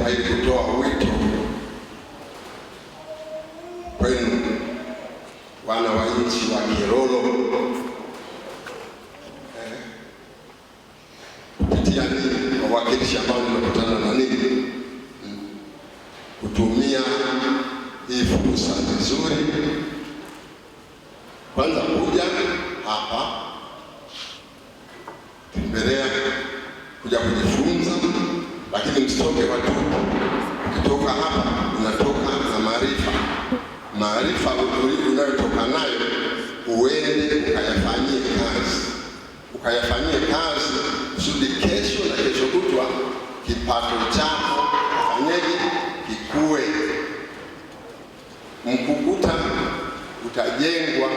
nimewahi kutoa wito kwenu wana wa nchi wa Kirolo eh, kupitia eh, nini wawakilishi ambao nimekutana na nini, kutumia hii fursa vizuri, kwanza kuja hapa tembelea kuja kuja lakini msitoke watupu. Ukitoka hapa unatoka na maarifa. Maarifa unayotoka nayo uende ukayafanyie kazi, ukayafanyie kazi kusudi kesho na kesho kutwa kipato chako fanyeje kikue. Mkukuta utajengwa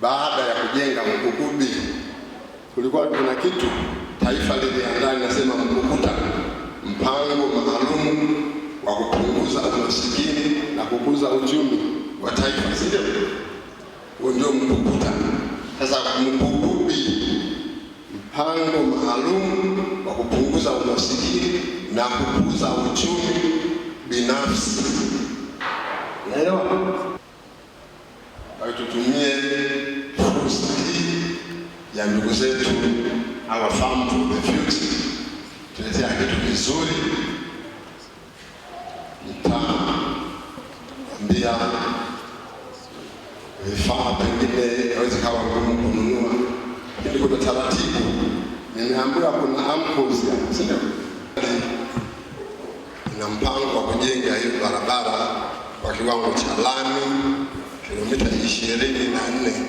baada ya kujenga mkukubi. Kulikuwa kuna kitu taifa liliandaa, nasema mkukuta mpango maalumu wa kupunguza umasikini na kukuza uchumi wa taifa, si ndio? Huo ndio mpukuta. Sasa mpukubi, mpango maalum wa kupunguza umasikini na kukuza uchumi binafsi, unaelewa? Tutumie fursa hii ya ndugu zetu, our farm to the future tuletea kitu kizuri, nitaambia vifaa pengine yaweza kawa ngumu kununua, ili kuna taratibu. Nimeambiwa kuna amkuzi, Ina mpango wa kujenga hiyo barabara kwa kiwango cha lami kilomita ishirini na nne.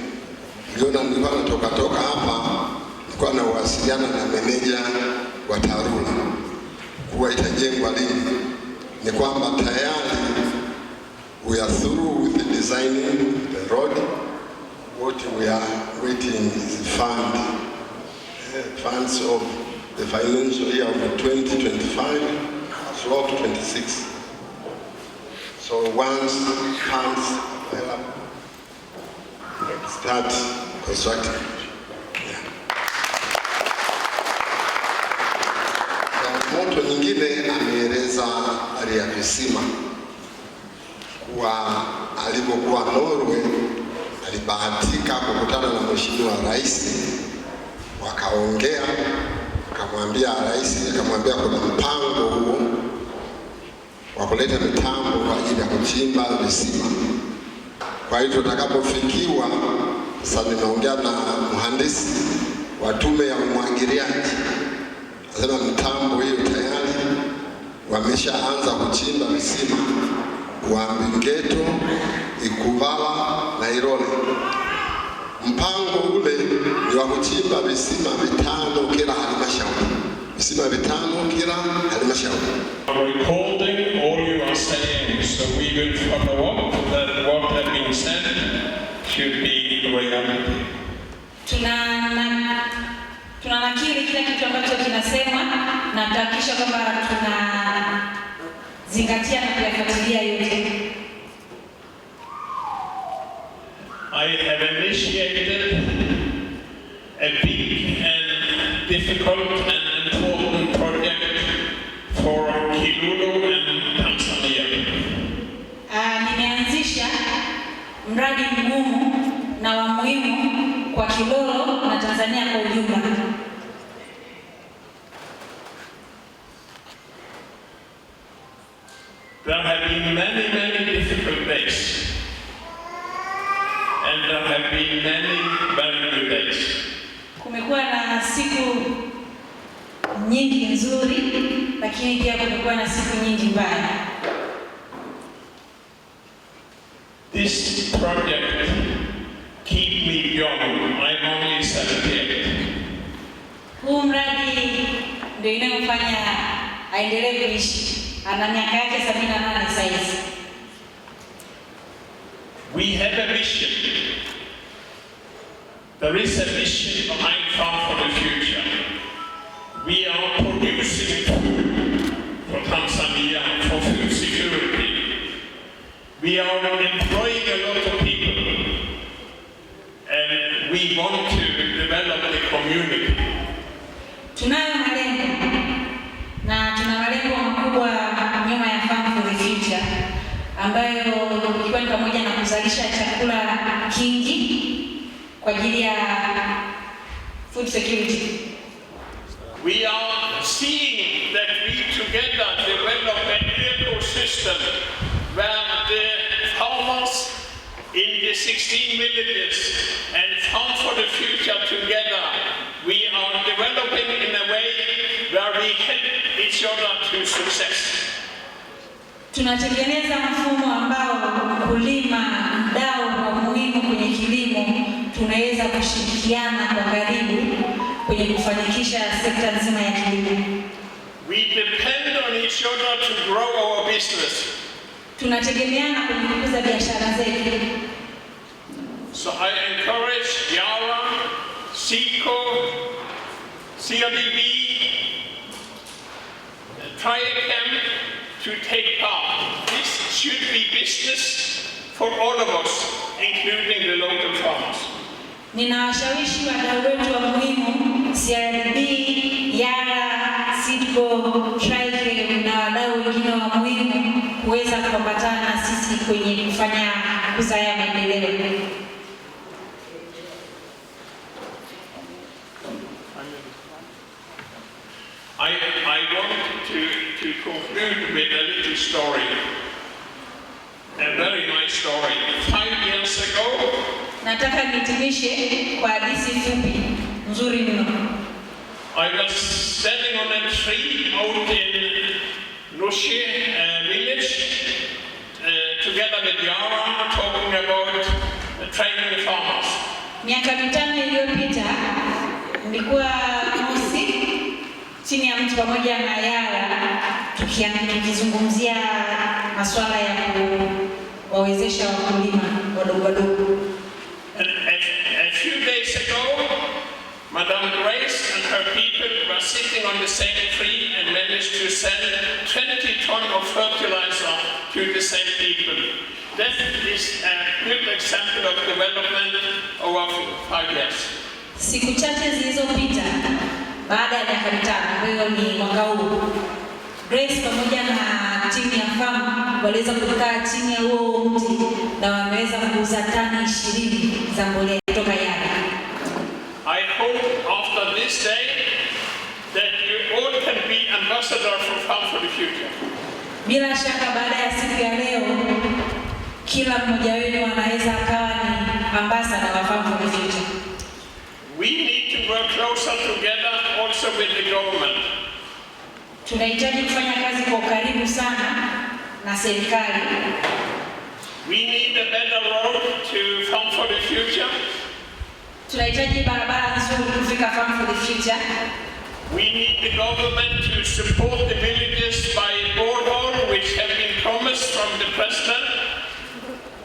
Niliona nilikuwa natoka toka hapa, nilikuwa na uwasiliana na meneja wa TARURA kuwa itajengwa lini, ni kwamba tayari we are through with the designing the road what we are waiting is the fund eh, funds of the financial year of 2025 slot 26 so once funds available start constructing changamoto nyingine ameeleza ya visima kuwa alipokuwa Norway alibahatika kukutana na mheshimiwa rais, wakaongea, akamwambia rais, akamwambia kuna mpango huo wa kuleta mitambo kwa ajili ya kuchimba visima. Kwa hiyo tutakapofikiwa sasa, nimeongea na mhandisi wa tume ya umwagiliaji nasema mtambo hiyo tayari wameshaanza kuchimba visima wa Mbingeto, Ikuvala na Irole. Mpango ule ni wa kuchimba visima vitano kila halmashauri, visima vitano kila halmashauri. Tuna tunanakili kila kitu ambacho kinasema na tutahakikisha kwamba tunazingatia na kuyafuatilia yote. I have initiated a big and difficult and important project for Kilulu and Tanzania. Uh, nimeanzisha mradi mgumu na wa muhimu kwa Kilolo na Tanzania kwa ujumla. There have been many, many difficult days. And there have been many very good days. Kumekuwa na siku nyingi nzuri, lakini pia kumekuwa na siku nyingi mbaya. This project keep me young. I'm only 78. Huu mradi ndio inayofanya aendelee kuishi ana miaka yake 78 sasa hivi. We have a mission. There is a mission behind Farm for the Future. We are producing food for Tanzania for food security. We are employing a lot of people and we want to develop the community. kuangalia food security. We are seeing that we together develop an ecosystem where the farmers in the 16 villages and Farm for the Future together, we are developing in a way where we help each other to success. Tunatengeneza mfumo ambao kulima mdao wa muhimu kwenye kilimo tunaweza kushirikiana kwa karibu kwenye kufanikisha sekta nzima ya kilimo. We depend on each other to grow our business. Tunategemeana kwenye kukuza biashara zetu. So I encourage Yara, Siko, CRDB, Triacam to take part. This should be business for all of us, including the local farmers ninawashawishi wadau wetu wa muhimu CRDB, YARA, SIDCO, na wadau wengine wa muhimu kuweza kupatana na sisi kwenye kufanya maendeleo. I, I want to, to conclude with a little story. A very nice story. Five years ago, nataka nitimishe kwa hadithi fupi nzuri mno. I was standing on a tree out in Rushe uh, village uh, together with Yara talking about uh, training the farmers. Miaka mitano iliyopita nilikuwa Mosi chini ya mtu pamoja na Yara tukizungumzia masuala ya kuwawezesha wakulima wadogo wadogo. Madame Grace and her people were sitting on the same tree and managed to send 20 tons of fertilizer to the same people. That is a good example of development over five years. Siku chache zilizopita baada ya miaka mitano, hiyo ni mwaka huu, Grace pamoja na timu ya FAM waliweza kukaa chini ya huo mti na wameweza kuuza tani ishirini za mbolea. say that you all can be ambassador for Farm for the Future. Bila shaka baada ya siku ya leo kila mmoja wenu anaweza akawa ni ambassador wa Farm for the Future. We need to work closer together also with the government. Tunahitaji kufanya kazi kwa ukaribu sana na serikali. We need a better road to Farm for the Future. Tunahitaji barabara nzuri kufika Farm for the Future. We need the government to support the villages by borehole which have been promised from the president.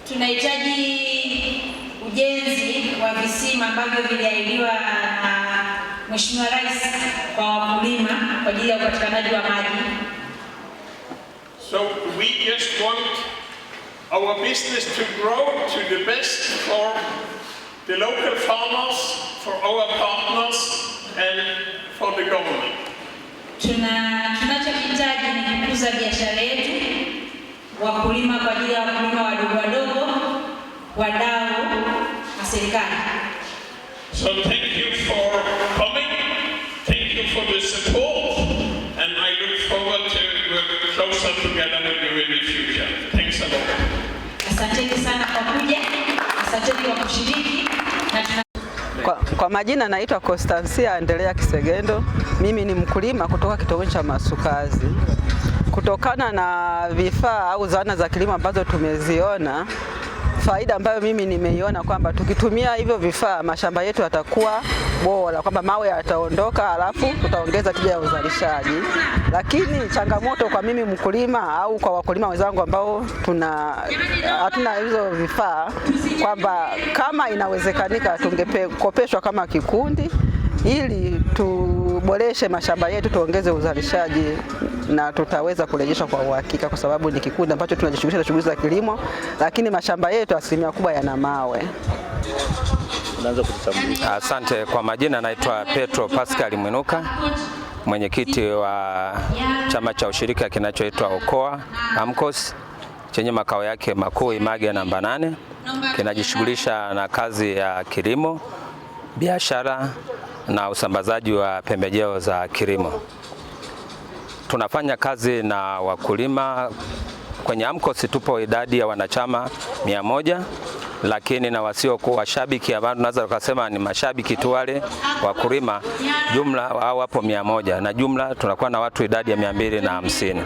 Tunahitaji ujenzi wa visima ambavyo viliahidiwa uh, na Mheshimiwa Rais kwa wakulima kwa ajili ya upatikanaji wa maji. So we just want our business to grow to the best for the local farmers, for our partners and for the government. Tuna tunachohitaji ni kukuza biashara yetu, wakulima kwa ajili ya wakulima wadogo wadogo, wadau na serikali. So thank you for coming. Thank you for the support and I look forward to work closer together with you in the future. Thanks a lot. Asante sana kwa kuja asanteni kwa kushiriki na tuna... kwa, kwa majina naitwa Constancia Andrea Kisegendo. Mimi ni mkulima kutoka kitongoji cha Masukazi. Kutokana na vifaa au zana za kilimo ambazo tumeziona, faida ambayo mimi nimeiona kwamba tukitumia hivyo vifaa mashamba yetu yatakuwa bora, kwamba mawe yataondoka, halafu tutaongeza tija ya uzalishaji. Lakini changamoto kwa mimi mkulima au kwa wakulima wenzangu ambao tuna hatuna hizo vifaa kwamba kama inawezekanika tungekopeshwa kama kikundi ili tuboreshe mashamba yetu tuongeze uzalishaji na tutaweza kurejeshwa kwa uhakika, kwa sababu ni kikundi ambacho tunajishughulisha na shughuli za kilimo, lakini mashamba yetu asilimia kubwa yana mawe. Asante. Kwa majina naitwa Petro Pascal Mwinuka, mwenyekiti wa chama cha ushirika kinachoitwa Okoa AMCOS chenye makao yake makuu Image namba nane, kinajishughulisha na kazi ya kilimo, biashara na usambazaji wa pembejeo za kilimo. Tunafanya kazi na wakulima kwenye AMCOS tupo idadi ya wanachama mia moja lakini na wasiokuwa washabiki ambao tunaweza tukasema ni mashabiki tu wale wakulima, jumla hao wapo mia moja na jumla tunakuwa na watu idadi ya mia mbili na hamsini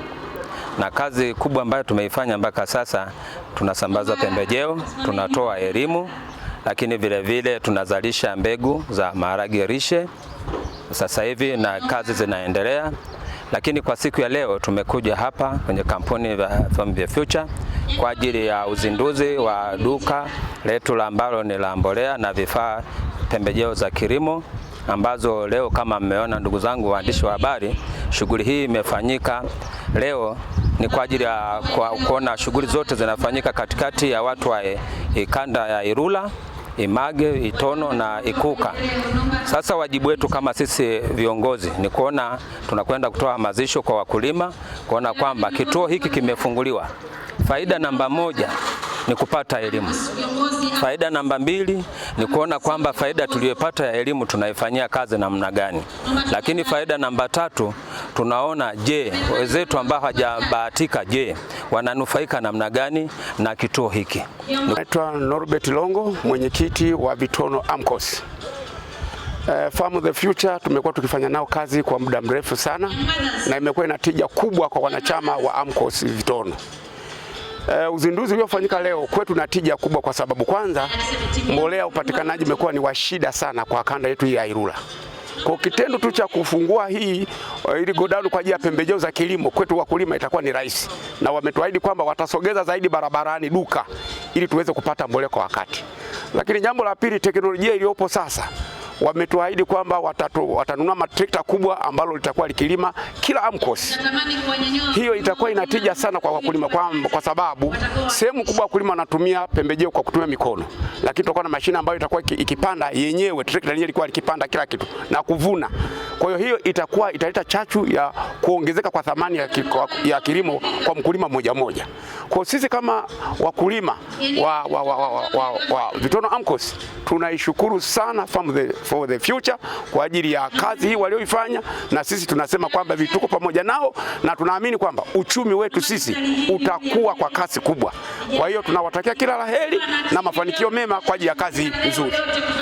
na kazi kubwa ambayo tumeifanya mpaka sasa, tunasambaza pembejeo, tunatoa elimu, lakini vile vile tunazalisha mbegu za maharage lishe sasa hivi, na kazi zinaendelea. Lakini kwa siku ya leo tumekuja hapa kwenye kampuni ya Farm the Future kwa ajili ya uzinduzi wa duka letu ambalo ni la mbolea na vifaa pembejeo za kilimo ambazo leo kama mmeona, ndugu zangu waandishi wa habari, shughuli hii imefanyika leo ni kwa ajili ya kuona shughuli zote zinafanyika katikati ya watu wa ikanda eh, eh, ya Ilula Image, Itono na Ikuka. Sasa wajibu wetu kama sisi viongozi ni kuona tunakwenda kutoa hamasisho kwa wakulima kuona kwamba kituo hiki kimefunguliwa. Faida namba moja ni kupata elimu. Faida namba mbili ni kuona kwamba faida tuliyopata ya elimu tunaifanyia kazi namna gani, lakini faida namba tatu tunaona je, wenzetu ambao hawajabahatika, je, wananufaika namna gani na kituo hiki? Naitwa Norbert Longo, mwenyekiti wa Bitono AMCOS. Uh, Farm the Future tumekuwa tukifanya nao kazi kwa muda mrefu sana na imekuwa ina tija kubwa kwa wanachama wa AMCOS Vitono. Uh, uzinduzi uliofanyika leo kwetu na tija kubwa kwa sababu kwanza, mbolea upatikanaji umekuwa ni wa shida sana kwa kanda yetu hii ya Ilula. Kwa kitendo tu cha kufungua hii eh, ili godown kwa ajili ya pembejeo za kilimo kwetu wakulima itakuwa ni rahisi, na wametuahidi kwamba watasogeza zaidi barabarani duka ili tuweze kupata mbolea kwa wakati. Lakini jambo la pili, teknolojia iliyopo sasa wametuahidi kwamba watanunua matrekta kubwa ambalo litakuwa likilima kila amkosi. Hiyo itakuwa inatija sana kwa wakulima kwa, kwa sababu sehemu kubwa wakulima wanatumia pembejeo kwa kutumia mikono, lakini tutakuwa na mashine ambayo itakuwa ikipanda yenyewe, trekta yenyewe ilikuwa ikipanda kila kitu na kuvuna. Kwa hiyo hiyo itakuwa italeta chachu ya kuongezeka kwa thamani ya, ya kilimo kwa mkulima moja moja. Kwa sisi kama wakulima wa, wa, wa, wa, wa, wa, wa Vitono AMCOS tunaishukuru sana Farm the for the future, kwa ajili ya kazi hii walioifanya, na sisi tunasema kwamba vituko pamoja nao na tunaamini kwamba uchumi wetu sisi utakuwa kwa kasi kubwa. Kwa hiyo tunawatakia kila laheri na mafanikio mema kwa ajili ya kazi nzuri.